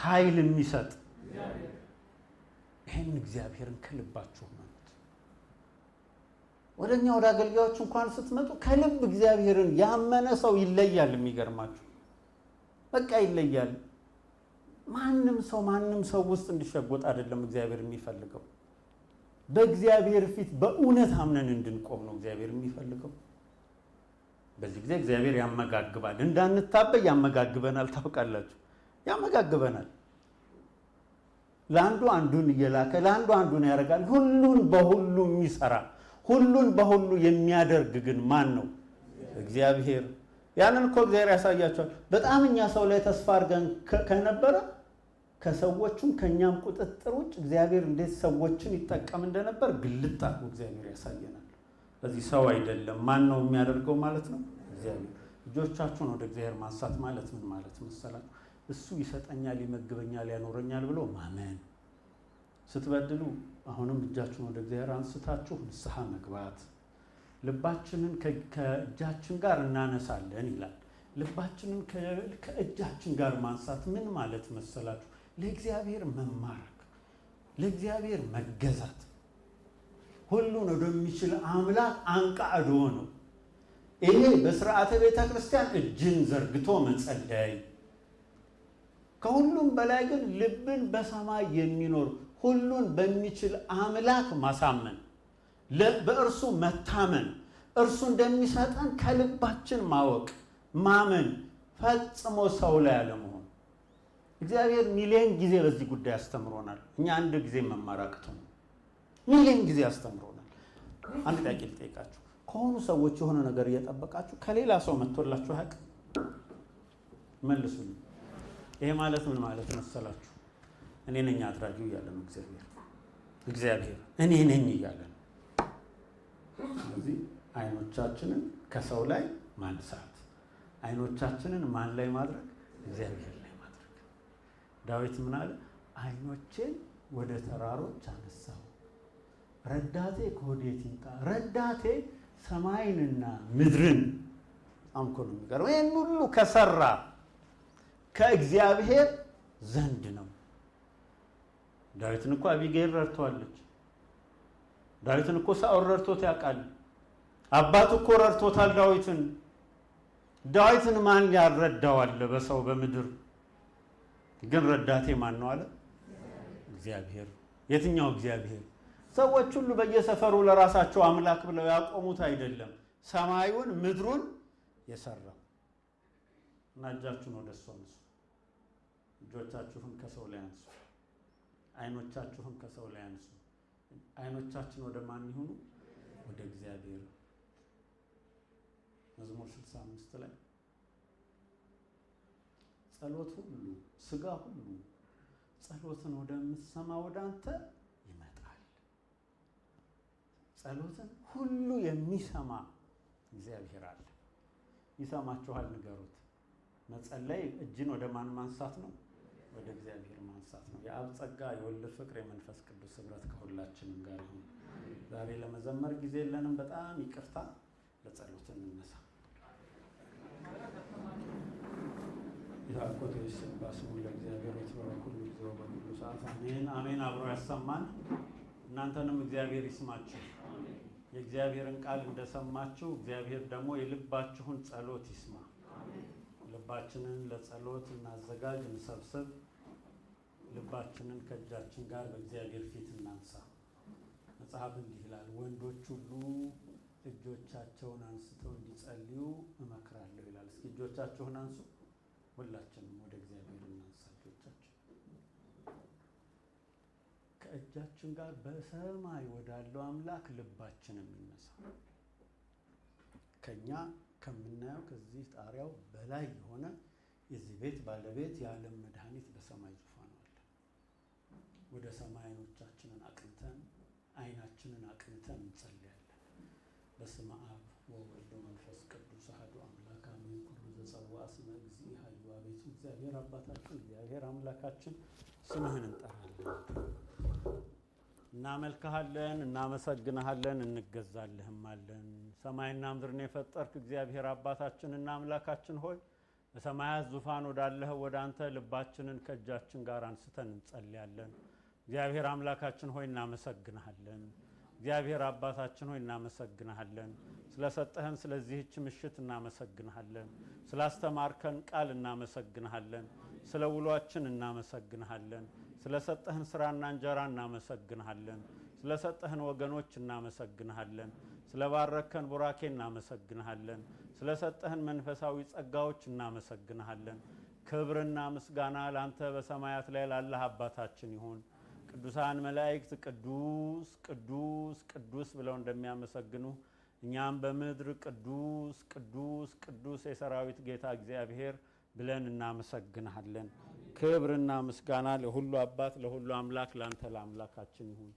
ኃይል የሚሰጥ ይህን እግዚአብሔርን ከልባችሁ መኑት። ወደ እኛ ወደ አገልጋዮች እንኳን ስትመጡ ከልብ እግዚአብሔርን ያመነ ሰው ይለያል። የሚገርማችሁ በቃ ይለያል። ማንም ሰው ማንም ሰው ውስጥ እንዲሸጎጥ አይደለም እግዚአብሔር የሚፈልገው። በእግዚአብሔር ፊት በእውነት አምነን እንድንቆም ነው እግዚአብሔር የሚፈልገው። በዚህ ጊዜ እግዚአብሔር ያመጋግባል። እንዳንታበይ ያመጋግበናል። ታውቃላችሁ ያመጋግበናል። ለአንዱ አንዱን እየላከ ለአንዱ አንዱን ያደርጋል። ሁሉን በሁሉ የሚሰራ ሁሉን በሁሉ የሚያደርግ ግን ማን ነው? እግዚአብሔር። ያንን እኮ እግዚአብሔር ያሳያቸዋል። በጣም እኛ ሰው ላይ ተስፋ አድርገን ከነበረ ከሰዎቹም ከእኛም ቁጥጥር ውጭ እግዚአብሔር እንዴት ሰዎችን ይጠቀም እንደነበር ግልጥ አድርጎ እግዚአብሔር ያሳየናል። በዚህ ሰው አይደለም ማን ነው የሚያደርገው ማለት ነው? እግዚአብሔር። ልጆቻችሁን ወደ እግዚአብሔር ማንሳት ማለት ምን ማለት መሰላችሁ? እሱ ይሰጠኛል፣ ይመግበኛል፣ ያኖረኛል ብሎ ማመን። ስትበድሉ አሁንም እጃችሁን ወደ እግዚአብሔር አንስታችሁ ንስሐ መግባት። ልባችንን ከእጃችን ጋር እናነሳለን ይላል። ልባችንን ከእጃችን ጋር ማንሳት ምን ማለት መሰላችሁ? ለእግዚአብሔር መማረክ፣ ለእግዚአብሔር መገዛት። ሁሉን ወደሚችል አምላክ አንቃዶ ነው። ይሄ በስርዓተ ቤተ ክርስቲያን እጅን ዘርግቶ መጸለይ ከሁሉም በላይ ግን ልብን በሰማይ የሚኖር ሁሉን በሚችል አምላክ ማሳመን፣ በእርሱ መታመን፣ እርሱ እንደሚሰጠን ከልባችን ማወቅ ማመን፣ ፈጽሞ ሰው ላይ አለመሆን። እግዚአብሔር ሚሊዮን ጊዜ በዚህ ጉዳይ አስተምሮናል። እኛ አንድ ጊዜ መማራቅቱ ነው። ሚሊየን ጊዜ አስተምሮናል። አንድ ጥያቄ ልጠይቃችሁ። ከሆኑ ሰዎች የሆነ ነገር እየጠበቃችሁ ከሌላ ሰው መጥቶላችሁ አያውቅም? መልሱልኝ። ይሄ ማለት ምን ማለት መሰላችሁ? እኔ ነኝ አድራጁ እያለ ነው እግዚአብሔር። እግዚአብሔር እኔ ነኝ እያለ ነው። ስለዚህ አይኖቻችንን ከሰው ላይ ማንሳት፣ አይኖቻችንን ማን ላይ ማድረግ? እግዚአብሔር ላይ ማድረግ። ዳዊት ምን አለ? አይኖቼን ወደ ተራሮች አነሳው ረዳቴ ከወዴት ይምጣ? ረዳቴ ሰማይንና ምድርን አምኮ ነው የሚቀር ይህን ሁሉ ከሰራ ከእግዚአብሔር ዘንድ ነው። ዳዊትን እኮ አቢጌል ረድተዋለች። ዳዊትን እኮ ሳኦል ረድቶት ያውቃል። አባት እኮ ረድቶታል ዳዊትን። ዳዊትን ማን ያረዳዋል? በሰው በምድር ግን ረዳቴ ማን ነው አለ እግዚአብሔር። የትኛው እግዚአብሔር? ሰዎች ሁሉ በየሰፈሩ ለራሳቸው አምላክ ብለው ያቆሙት አይደለም። ሰማዩን ምድሩን የሰራው እና እጃችሁን ወደ እሱ እጆቻችሁን ከሰው ላይ አንሱ፣ አይኖቻችሁን ከሰው ላይ አንሱ። አይኖቻችን ወደ ማን ይሁኑ? ወደ እግዚአብሔር። መዝሙር 65 ላይ ጸሎት ሁሉ ስጋ ሁሉ ጸሎትን ወደምትሰማ ወደ አንተ ይመጣል። ጸሎትን ሁሉ የሚሰማ እግዚአብሔር አለ። ይሰማችኋል፣ ንገሩት። መጸለይ እጅን ወደ ማን ማንሳት ነው? ወደ እግዚአብሔር ማንሳት ነው። የአብ ጸጋ፣ የወልድ ፍቅር፣ የመንፈስ ቅዱስ ህብረት ከሁላችንም ጋር ይሁን። ዛሬ ለመዘመር ጊዜ የለንም። በጣም ይቅርታ። ለጸሎት እንነሳ። የአቆቴስ ለእግዚአብሔር ሁሉ ጊዜው በሁሉ ሰዓት አሜን አሜን። አብሮ ያሰማን። እናንተንም እግዚአብሔር ይስማችሁ። የእግዚአብሔርን ቃል እንደሰማችሁ እግዚአብሔር ደግሞ የልባችሁን ጸሎት ይስማ። ልባችንን ለጸሎት እናዘጋጅ፣ እንሰብስብ። ልባችንን ከእጃችን ጋር በእግዚአብሔር ፊት እናንሳ። መጽሐፍ እንዲህ ይላል፣ ወንዶች ሁሉ እጆቻቸውን አንስተው እንዲጸልዩ እመክራለሁ ይላል። እስኪ እጆቻችሁን አንሱ። ሁላችንም ወደ እግዚአብሔር እናንሳ እጆቻችን ከእጃችን ጋር በሰማይ ወዳለው አምላክ ልባችን ይነሳ ከኛ ከምናየው ከዚህ ጣሪያው በላይ የሆነ የዚህ ቤት ባለቤት የዓለም መድኃኒት በሰማይ ዙፋን አለ። ወደ ሰማይ አይኖቻችንን አቅንተን አይናችንን አቅንተን እንጸልያለን። በስመ አብ ወወልድ መንፈስ ቅዱስ አሐዱ አምላክ አሜን። ኩሉ ዘጸውዐ ስመ እግዚእ ኃይሉ አቤቱ እግዚአብሔር አባታችን እግዚአብሔር አምላካችን ስምህን እንጠራለን። እናመልክሃለን፣ እናመሰግንሃለን፣ እንገዛልህማለን። ሰማይና ምድርን የፈጠርክ እግዚአብሔር አባታችንና አምላካችን ሆይ በሰማያት ዙፋን ወዳለህ ወደ አንተ ልባችንን ከእጃችን ጋር አንስተን እንጸልያለን። እግዚአብሔር አምላካችን ሆይ እናመሰግንሃለን። እግዚአብሔር አባታችን ሆይ እናመሰግንሃለን። ስለሰጠህን ስለዚህች ምሽት እናመሰግንሃለን። ስላስተማርከን ቃል እናመሰግንሃለን። ስለ ውሏችን እናመሰግንሃለን። ስለሰጠህን ስራና እንጀራ እናመሰግንሃለን። ስለሰጠህን ወገኖች እናመሰግንሃለን። ስለባረከን ቡራኬ እናመሰግንሃለን። ስለሰጠህን መንፈሳዊ ጸጋዎች እናመሰግንሃለን። ክብርና ምስጋና ላንተ በሰማያት ላይ ላለህ አባታችን ይሁን። ቅዱሳን መላእክት ቅዱስ ቅዱስ ቅዱስ ብለው እንደሚያመሰግኑ እኛም በምድር ቅዱስ ቅዱስ ቅዱስ የሰራዊት ጌታ እግዚአብሔር ብለን እናመሰግንሃለን። ክብርና ምስጋና ለሁሉ አባት ለሁሉ አምላክ ለአንተ ለአምላካችን ይሁን።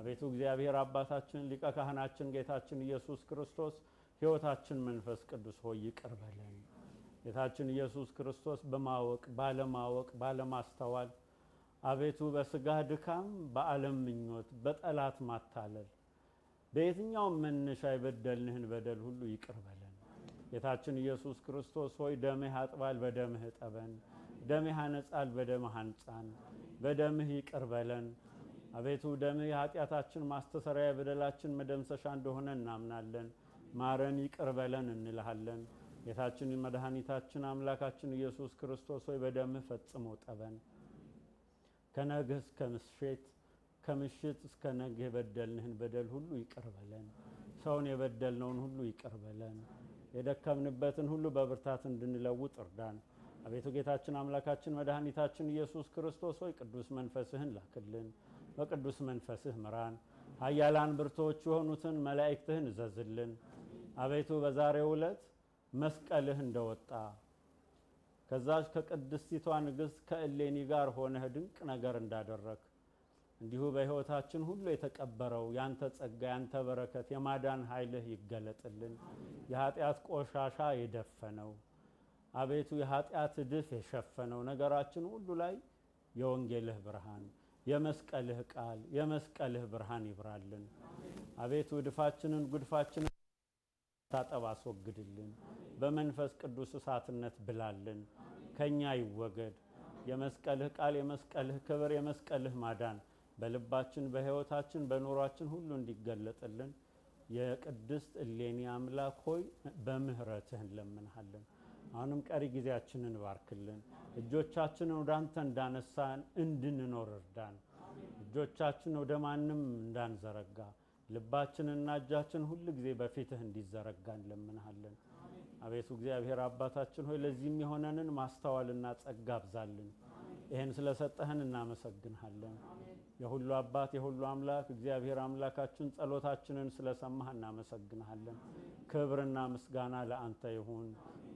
አቤቱ እግዚአብሔር አባታችን ሊቀ ካህናችን ጌታችን ኢየሱስ ክርስቶስ ሕይወታችን መንፈስ ቅዱስ ሆይ ይቅር በለን። ጌታችን ኢየሱስ ክርስቶስ በማወቅ ባለማወቅ፣ ባለማስተዋል አቤቱ በስጋ ድካም፣ በዓለም ምኞት፣ በጠላት ማታለል፣ በየትኛውም መነሻ የበደልንህን በደል ሁሉ ይቅር በለን። ጌታችን ኢየሱስ ክርስቶስ ሆይ ደምህ ያጥባል፣ በደምህ እጠበን። ደምህ ያነጻል፣ በደምህ አንጻን። በደምህ ይቅር በለን። አቤቱ ደምህ የኃጢአታችን ማስተሰሪያ የበደላችን መደምሰሻ እንደሆነ እናምናለን። ማረን፣ ይቅር በለን እንልሃለን። ጌታችን መድኃኒታችን አምላካችን ኢየሱስ ክርስቶስ ሆይ በደምህ ፈጽሞ ጠበን። ከነገ እስከ ምሽት ከምሽት እስከ ነገ የበደልንህን በደል ሁሉ ይቅር በለን። ሰውን የበደልነውን ሁሉ ይቅር በለን። የደከምንበትን ሁሉ በብርታት እንድንለውጥ እርዳን። አቤቱ ጌታችን አምላካችን መድኃኒታችን ኢየሱስ ክርስቶስ ሆይ ቅዱስ መንፈስህን ላክልን፣ በቅዱስ መንፈስህ ምራን። ኃያላን ብርቶች የሆኑትን መላእክትህን እዘዝልን። አቤቱ በዛሬው ዕለት መስቀልህ እንደወጣ ከዛች ከቅድስቲቷ ንግሥት ከእሌኒ ጋር ሆነህ ድንቅ ነገር እንዳደረግ እንዲሁ በሕይወታችን ሁሉ የተቀበረው ያንተ ጸጋ፣ ያንተ በረከት፣ የማዳን ኃይልህ ይገለጥልን። የኃጢአት ቆሻሻ የደፈነው አቤቱ የኃጢአት እድፍ የሸፈነው ነገራችን ሁሉ ላይ የወንጌልህ ብርሃን፣ የመስቀልህ ቃል፣ የመስቀልህ ብርሃን ይብራልን። አቤቱ እድፋችንን፣ ጉድፋችንን ታጠብ አስወግድልን። በመንፈስ ቅዱስ እሳትነት ብላልን። ከእኛ ይወገድ የመስቀልህ ቃል፣ የመስቀልህ ክብር፣ የመስቀልህ ማዳን በልባችን በህይወታችን በኑሯችን ሁሉ እንዲገለጥልን የቅድስት እሌኒ አምላክ ሆይ በምህረትህ እንለምንሃለን። አሁንም ቀሪ ጊዜያችንን ባርክልን። እጆቻችንን ወደ አንተ እንዳነሳን እንድንኖር እርዳን። እጆቻችን ወደ ማንም እንዳንዘረጋ ልባችንና እጃችን ሁል ጊዜ በፊትህ እንዲዘረጋ እንለምንሃለን። አቤቱ እግዚአብሔር አባታችን ሆይ ለዚህም የሆነንን ማስተዋልና ጸጋ አብዛልን። ይህን ስለሰጠህን እናመሰግንሃለን። የሁሉ አባት የሁሉ አምላክ እግዚአብሔር አምላካችን ጸሎታችንን ስለሰማህ እናመሰግንሃለን። ክብርና ምስጋና ለአንተ ይሁን።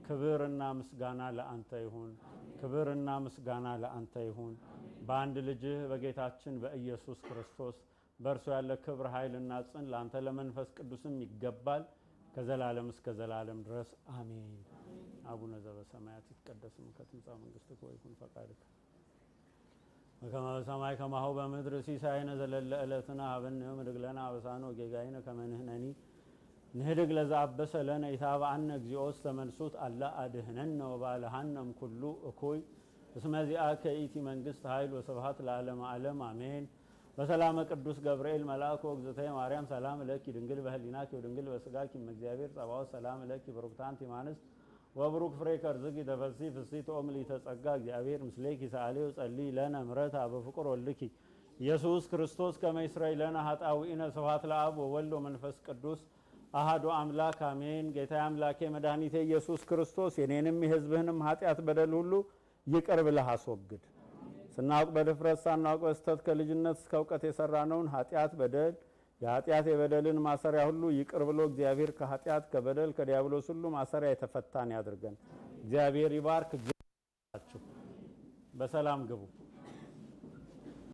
ክብርና ምስጋና ለአንተ ይሁን። ክብርና ምስጋና ለአንተ ይሁን። በአንድ ልጅህ በጌታችን በኢየሱስ ክርስቶስ በእርሶ ያለ ክብር ኃይልና ጽን ለአንተ ለመንፈስ ቅዱስም ይገባል ከዘላለም እስከ ዘላለም ድረስ አሜን። አቡነ ዘበሰማያት ይትቀደስ ስምከ ትምጻእ መንግሥትከ ወይኩን ፈቃድከ በከመ በሰማይ ከማሁ በምድር ሲሳይነ ዘለለ ዕለትነ ሀበነ ዮም ርግለነ አበሳነ ወጌጋይነ ከመ ንሕነኒ ንህድግ ለዘአበሰ ለነ ኢታብአነ እግዚኦ ዝተመልሱት አላ አድህነነ ወባልሃነም ኩሉ እኩይ እስመ ዚአከ ኢቲ መንግሥት ኃይል ወስብሐት ለዓለመ ዓለም አሜን። በሰላመ ቅዱስ ገብርኤል መልአክ ወእግዝእትየ ማርያም ሰላም እለኪ ድንግል በህሊናኪ ወድንግል በስጋኪ እም እግዚአብሔር ጸባኦት ሰላም እለኪ ብሩክታንቲ እማንስት ወብሩክ ፍሬከር ዝጊ ተፈሲ ፍሲት ኦምሊ ተጸጋ እግዚአብሔር ምስሌኪ ሰአሌው ጸልይ ለነ ምረታ በፍቅር ወልኪ ኢየሱስ ክርስቶስ ከመ ይስረይ ለነ ኃጣውኢነ ስብሐት ለአብ ወወልድ ወመንፈስ ቅዱስ አሃዱ አምላክ አሜን። ጌታ አምላኬ መድኃኒቴ ኢየሱስ ክርስቶስ የኔንም የሕዝብህንም ኃጢአት በደል ሁሉ ይቅር ብለህ አስወግድ። ስናውቅ በድፍረት ሳናውቅ በስተት ከልጅነት እስከ እውቀት የሰራነውን ኃጢአት በደል የኃጢአት የበደልን ማሰሪያ ሁሉ ይቅር ብሎ እግዚአብሔር ከኃጢአት ከበደል ከዲያብሎስ ሁሉ ማሰሪያ የተፈታን ያድርገን። እግዚአብሔር ይባርክ። በሰላም ግቡ።